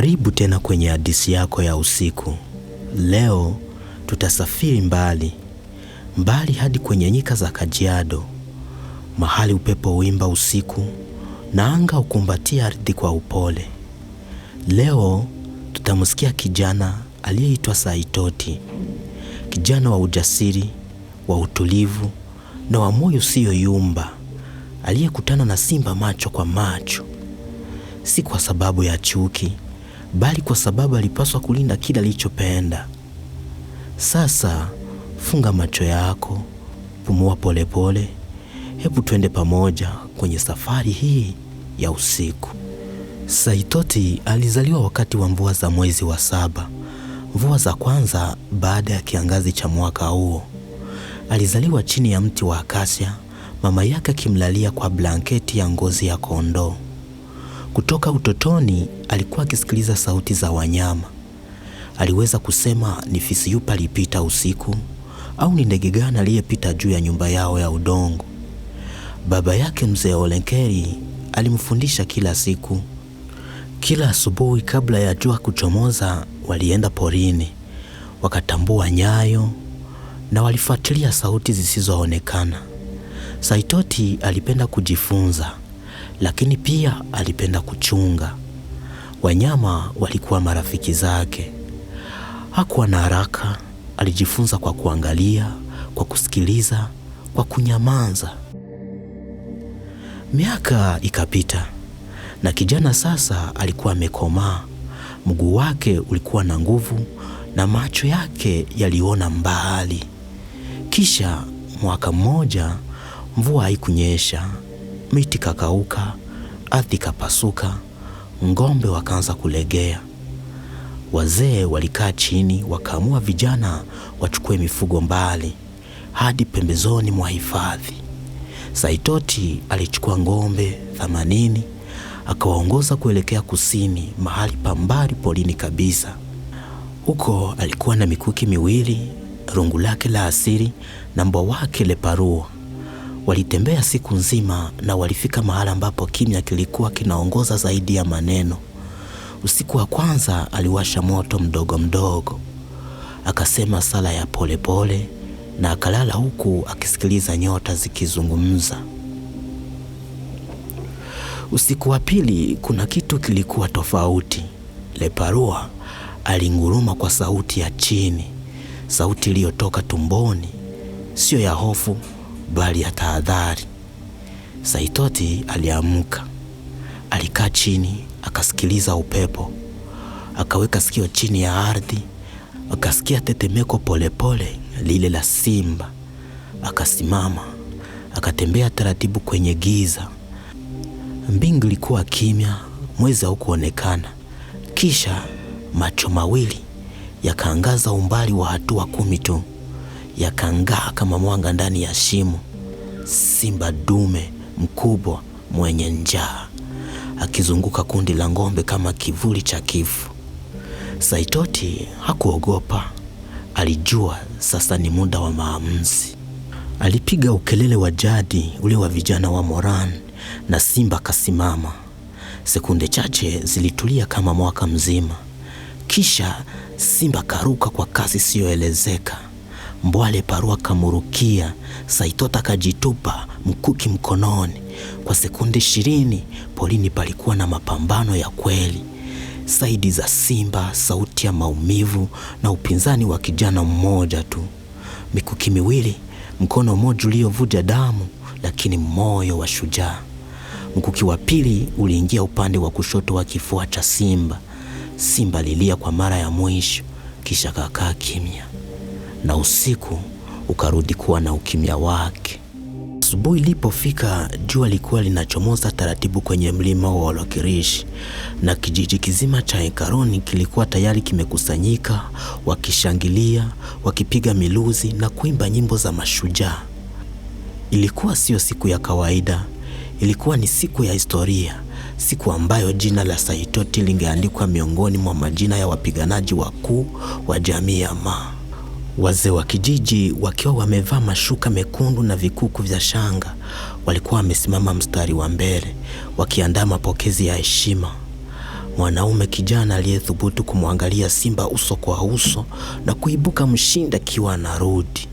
Karibu tena kwenye hadisi yako ya usiku. Leo tutasafiri mbali mbali, hadi kwenye nyika za Kajiado, mahali upepo huimba usiku na anga hukumbatia ardhi kwa upole. Leo tutamsikia kijana aliyeitwa Saitoti, kijana wa ujasiri, wa utulivu na wa moyo usiyoyumba, aliyekutana na simba macho kwa macho, si kwa sababu ya chuki bali kwa sababu alipaswa kulinda kila alichopenda. Sasa funga macho yako, pumua polepole pole. Hebu twende pamoja kwenye safari hii ya usiku. Saitoti alizaliwa wakati wa mvua za mwezi wa saba, mvua za kwanza baada ya kiangazi cha mwaka huo. Alizaliwa chini ya mti wa akasia, mama yake akimlalia kwa blanketi ya ngozi ya kondoo. Kutoka utotoni alikuwa akisikiliza sauti za wanyama. Aliweza kusema ni fisi yupi alipita usiku au ni ndege gani aliyepita juu ya nyumba yao ya udongo. Baba yake mzee Olenkeri alimfundisha kila siku. Kila asubuhi kabla ya jua kuchomoza, walienda porini, wakatambua nyayo na walifuatilia sauti zisizoonekana. Saitoti alipenda kujifunza lakini pia alipenda kuchunga wanyama. Walikuwa marafiki zake, hakuwa na haraka. Alijifunza kwa kuangalia, kwa kusikiliza, kwa kunyamaza. Miaka ikapita na kijana sasa alikuwa amekomaa. Mguu wake ulikuwa na nguvu na macho yake yaliona mbali. Kisha mwaka mmoja, mvua haikunyesha miti kakauka, ardhi kapasuka, ng'ombe wakaanza kulegea. Wazee walikaa chini, wakaamua vijana wachukue mifugo mbali hadi pembezoni mwa hifadhi. Saitoti alichukua ng'ombe thamanini akawaongoza kuelekea kusini, mahali pa mbali polini kabisa. Huko alikuwa na mikuki miwili, rungu lake la asili na mbwa wake Leparua. Walitembea siku nzima na walifika mahala ambapo kimya kilikuwa kinaongoza zaidi ya maneno. Usiku wa kwanza aliwasha moto mdogo mdogo, akasema sala ya polepole pole, na akalala huku akisikiliza nyota zikizungumza. Usiku wa pili kuna kitu kilikuwa tofauti. Leparua alinguruma kwa sauti ya chini, sauti iliyotoka tumboni, sio ya hofu bali ya tahadhari. Saitoti aliamka, alikaa chini, akasikiliza upepo, akaweka sikio chini ya ardhi, akasikia tetemeko polepole pole, lile la simba. Akasimama, akatembea taratibu kwenye giza. Mbingu ilikuwa kimya, mwezi haukuonekana. Kisha macho mawili yakaangaza umbali wa hatua kumi tu yakang'aa kama mwanga ndani ya shimo. Simba dume mkubwa mwenye njaa akizunguka kundi la ng'ombe kama kivuli cha kifo. Saitoti hakuogopa, alijua sasa ni muda wa maamuzi. Alipiga ukelele wa jadi ule wa vijana wa Moran na simba kasimama Sekunde chache zilitulia kama mwaka mzima, kisha simba karuka kwa kasi isiyoelezeka. Mbwale Parua kamurukia, Saitota kajitupa mkuki mkononi. Kwa sekunde ishirini polini palikuwa na mapambano ya kweli, saidi za simba, sauti ya maumivu na upinzani wa kijana mmoja tu. Mikuki miwili, mkono mmoja uliovuja damu, lakini moyo wa shujaa. Mkuki wa pili uliingia upande wa kushoto wa kifua cha simba. Simba lilia kwa mara ya mwisho, kisha kakaa kimya na usiku ukarudi kuwa na ukimya wake. Asubuhi ilipofika, jua likuwa linachomoza taratibu kwenye mlima wa Olokirish na kijiji kizima cha ekaroni kilikuwa tayari kimekusanyika, wakishangilia, wakipiga miluzi na kuimba nyimbo za mashujaa. Ilikuwa siyo siku ya kawaida, ilikuwa ni siku ya historia, siku ambayo jina la Saitoti lingeandikwa miongoni mwa majina ya wapiganaji wakuu wa jamii ya Maa. Wazee wa kijiji wakiwa wamevaa mashuka mekundu na vikuku vya shanga walikuwa wamesimama mstari wa mbele wakiandaa mapokezi ya heshima. Mwanaume kijana aliyethubutu kumwangalia simba uso kwa uso na kuibuka mshindi akiwa anarudi.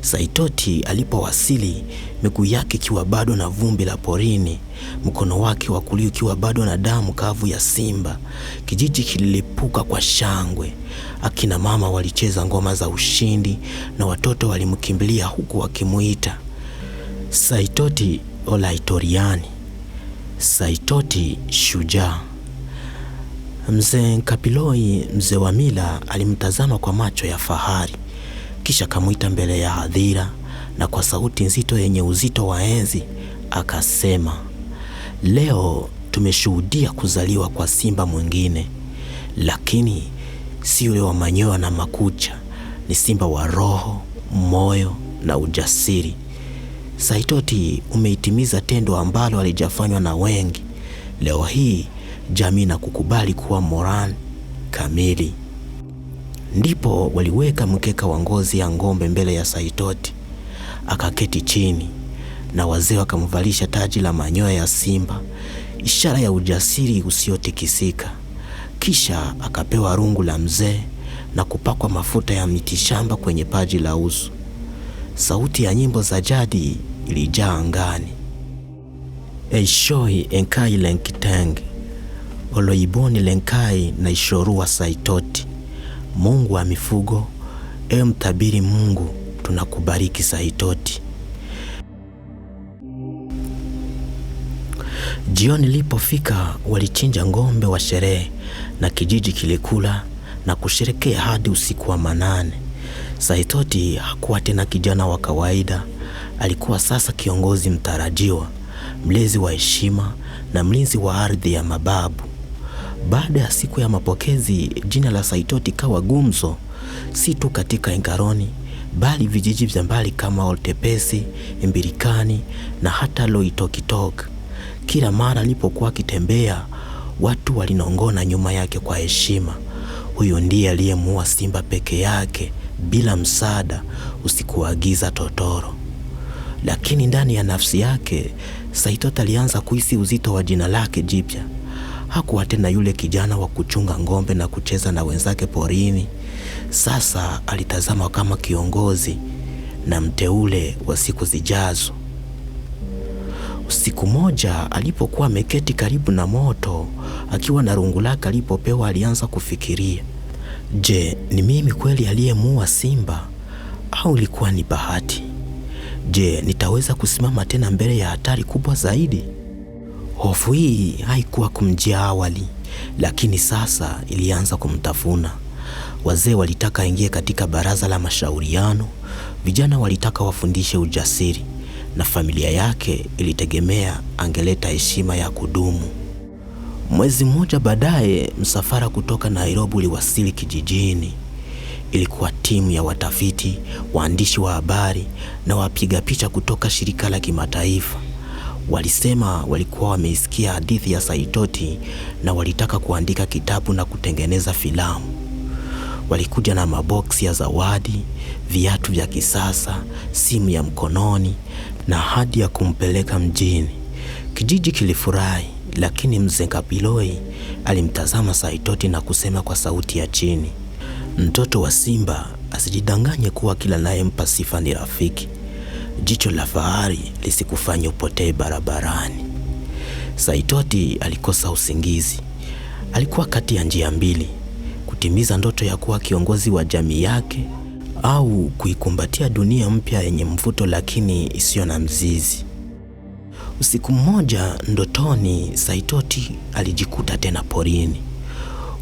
Saitoti alipowasili, miguu yake ikiwa bado na vumbi la porini, mkono wake wa kulia ukiwa bado na damu kavu ya simba. Kijiji kililipuka kwa shangwe. Akina mama walicheza ngoma za ushindi na watoto walimkimbilia huku wakimuita Saitoti Olaitoriani, Saitoti shujaa. Mzee Nkapiloi, mzee wa mila, alimtazama kwa macho ya fahari. Kisha akamwita mbele ya hadhira na kwa sauti nzito yenye uzito wa enzi akasema, leo tumeshuhudia kuzaliwa kwa simba mwingine, lakini si yule wa manyoya na makucha. Ni simba wa roho, moyo na ujasiri. Saitoti, umeitimiza tendo ambalo halijafanywa na wengi. Leo hii jamii na kukubali kuwa Moran kamili. Ndipo waliweka mkeka wa ngozi ya ng'ombe mbele ya Saitoti, akaketi chini na wazee wakamvalisha taji la manyoya ya simba, ishara ya ujasiri usiotikisika. Kisha akapewa rungu la mzee na kupakwa mafuta ya mitishamba kwenye paji la uso. Sauti ya nyimbo za jadi ilijaa angani: eishoi enkai lenkitenge oloiboni lenkai na ishorua saitoti Mungu wa mifugo, ewe mtabiri Mungu, tunakubariki Saitoti. Jioni ilipofika, walichinja ng'ombe wa sherehe na kijiji kilikula na kusherekea hadi usiku wa manane. Saitoti hakuwa tena kijana wa kawaida, alikuwa sasa kiongozi mtarajiwa, mlezi wa heshima na mlinzi wa ardhi ya mababu. Baada ya siku ya mapokezi, jina la Saitoti kawa gumzo si tu katika Engaroni bali vijiji vya mbali kama Oltepesi, Mbirikani na hata Loitokitok. Kila mara alipokuwa akitembea, watu walinongona nyuma yake kwa heshima, huyo ndiye aliyemuua simba peke yake bila msaada usikuagiza totoro. Lakini ndani ya nafsi yake Saitoti alianza kuhisi uzito wa jina lake jipya hakuwa tena yule kijana wa kuchunga ng'ombe na kucheza na wenzake porini. Sasa alitazama kama kiongozi na mteule wa siku zijazo. Siku moja alipokuwa ameketi karibu na moto akiwa na rungu lake alipopewa, alianza kufikiria, je, ni mimi kweli aliyemuua simba au ilikuwa ni bahati? Je, nitaweza kusimama tena mbele ya hatari kubwa zaidi? Hofu hii haikuwa kumjia awali, lakini sasa ilianza kumtafuna. Wazee walitaka aingie katika baraza la mashauriano, vijana walitaka wafundishe ujasiri, na familia yake ilitegemea angeleta heshima ya kudumu. Mwezi mmoja baadaye, msafara kutoka Nairobi uliwasili kijijini. Ilikuwa timu ya watafiti, waandishi wa habari na wapiga picha kutoka shirika la kimataifa. Walisema walikuwa wameisikia hadithi ya Saitoti na walitaka kuandika kitabu na kutengeneza filamu. Walikuja na maboksi ya zawadi, viatu vya kisasa, simu ya mkononi na hadi ya kumpeleka mjini. Kijiji kilifurahi, lakini mzee Kapiloi alimtazama Saitoti na kusema kwa sauti ya chini, mtoto wa simba asijidanganye kuwa kila anayempa sifa ni rafiki jicho la fahari lisikufanye upotee barabarani. Saitoti alikosa usingizi. Alikuwa kati ya njia mbili, kutimiza ndoto ya kuwa kiongozi wa jamii yake au kuikumbatia dunia mpya yenye mvuto lakini isiyo na mzizi. Usiku mmoja, ndotoni, Saitoti alijikuta tena porini,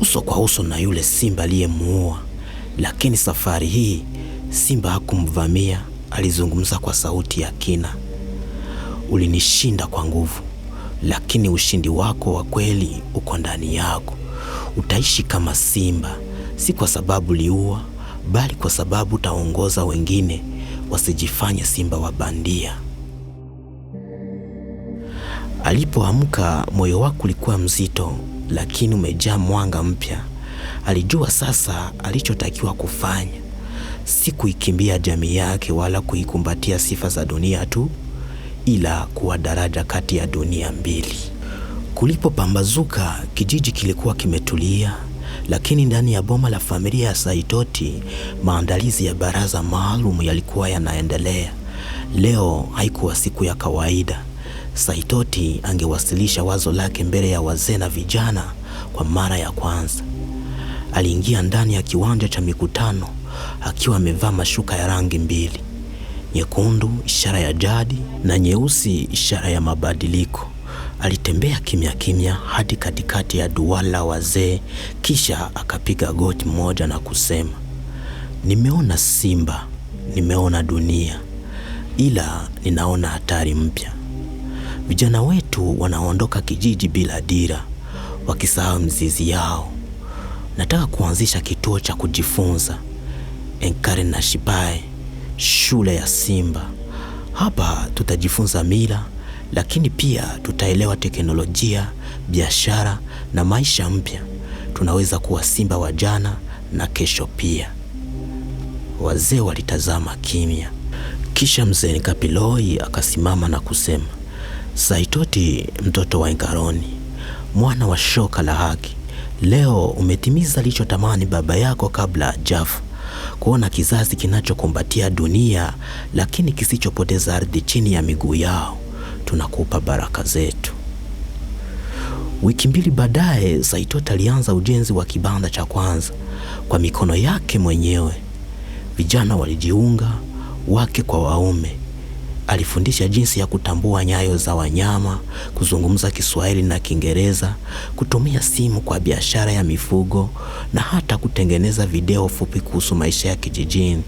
uso kwa uso na yule simba aliyemuua, lakini safari hii simba hakumvamia Alizungumza kwa sauti ya kina. Ulinishinda kwa nguvu, lakini ushindi wako wa kweli uko ndani yako. Utaishi kama simba, si kwa sababu liua, bali kwa sababu utaongoza wengine wasijifanye simba wa bandia. Alipoamka, moyo wako ulikuwa mzito, lakini umejaa mwanga mpya. Alijua sasa alichotakiwa kufanya si kuikimbia jamii yake wala kuikumbatia sifa za dunia tu, ila kuwa daraja kati ya dunia mbili. Kulipopambazuka, kijiji kilikuwa kimetulia, lakini ndani ya boma la familia ya Saitoti maandalizi ya baraza maalum yalikuwa yanaendelea. Leo haikuwa siku ya kawaida. Saitoti angewasilisha wazo lake mbele ya wazee na vijana kwa mara ya kwanza. Aliingia ndani ya kiwanja cha mikutano akiwa amevaa mashuka ya rangi mbili, nyekundu ishara ya jadi na nyeusi ishara ya mabadiliko. Alitembea kimya kimya hadi katikati ya duara wazee, kisha akapiga goti moja na kusema, nimeona simba, nimeona dunia, ila ninaona hatari mpya. Vijana wetu wanaondoka kijiji bila dira, wakisahau mzizi yao. Nataka kuanzisha kituo cha kujifunza Enkare na Shipae, shule ya Simba. Hapa tutajifunza mila, lakini pia tutaelewa teknolojia, biashara na maisha mpya. Tunaweza kuwa simba wa jana na kesho pia. Wazee walitazama kimya, kisha mzee Nkapiloi akasimama na kusema, Saitoti, mtoto wa Enkaroni, mwana wa shoka la haki, leo umetimiza tamani baba yako kabla ajafu kuona kizazi kinachokumbatia dunia lakini kisichopoteza ardhi chini ya miguu yao. Tunakupa baraka zetu. Wiki mbili baadaye, Saitoti alianza ujenzi wa kibanda cha kwanza kwa mikono yake mwenyewe. Vijana walijiunga, wake kwa waume. Alifundisha jinsi ya kutambua nyayo za wanyama, kuzungumza Kiswahili na Kiingereza, kutumia simu kwa biashara ya mifugo na hata kutengeneza video fupi kuhusu maisha ya kijijini.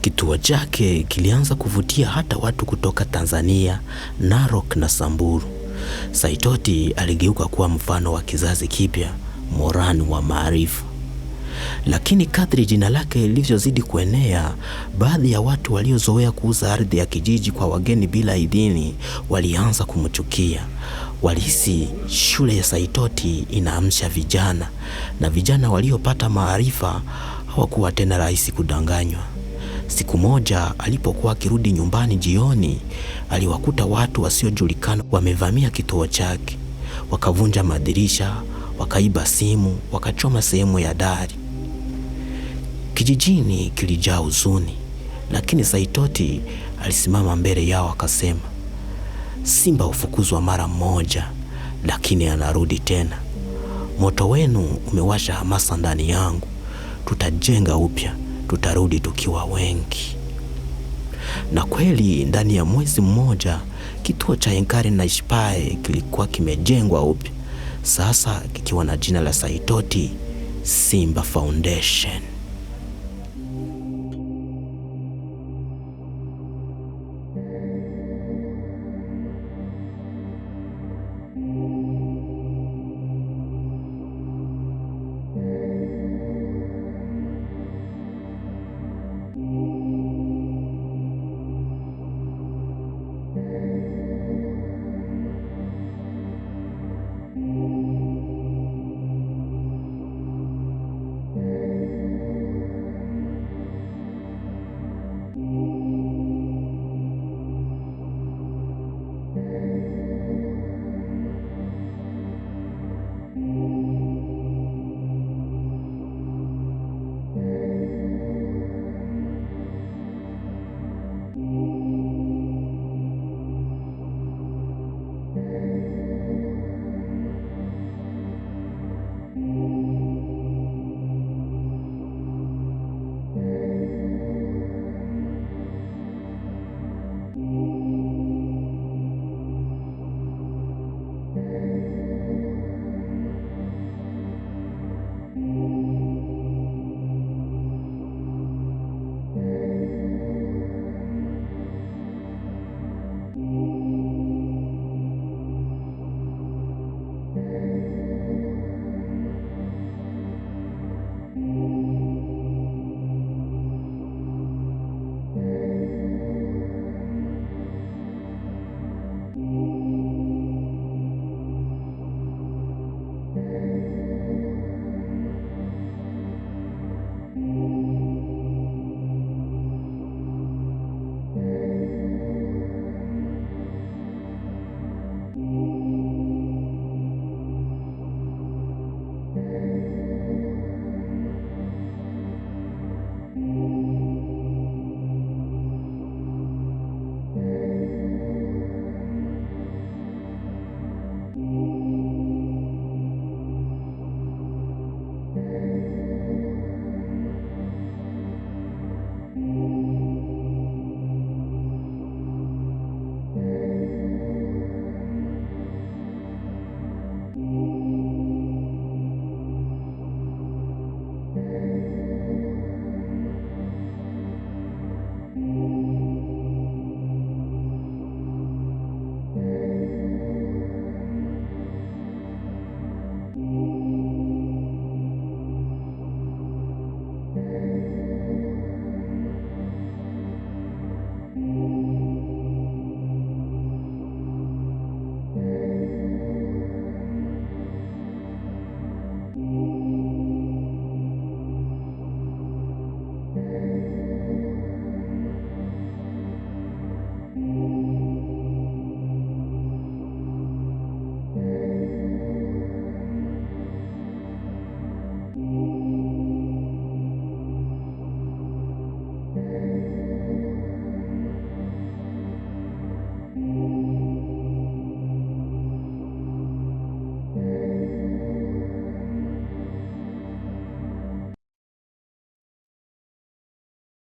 Kituo chake kilianza kuvutia hata watu kutoka Tanzania, Narok na Samburu. Saitoti aligeuka kuwa mfano wa kizazi kipya, moran wa maarifa. Lakini kadri jina lake lilivyozidi kuenea, baadhi ya watu waliozoea kuuza ardhi ya kijiji kwa wageni bila idhini walianza kumchukia. Walihisi shule ya Saitoti inaamsha vijana, na vijana waliopata maarifa hawakuwa tena rahisi kudanganywa. Siku moja alipokuwa akirudi nyumbani jioni, aliwakuta watu wasiojulikana wamevamia kituo chake, wakavunja madirisha, wakaiba simu, wakachoma sehemu ya dari. Kijijini kilijaa huzuni, lakini Saitoti alisimama mbele yao akasema, simba hufukuzwa mara moja, lakini anarudi tena. Moto wenu umewasha hamasa ndani yangu, tutajenga upya, tutarudi tukiwa wengi. Na kweli ndani ya mwezi mmoja kituo cha enkari na Ishpae kilikuwa kimejengwa upya, sasa kikiwa na jina la Saitoti Simba Foundation.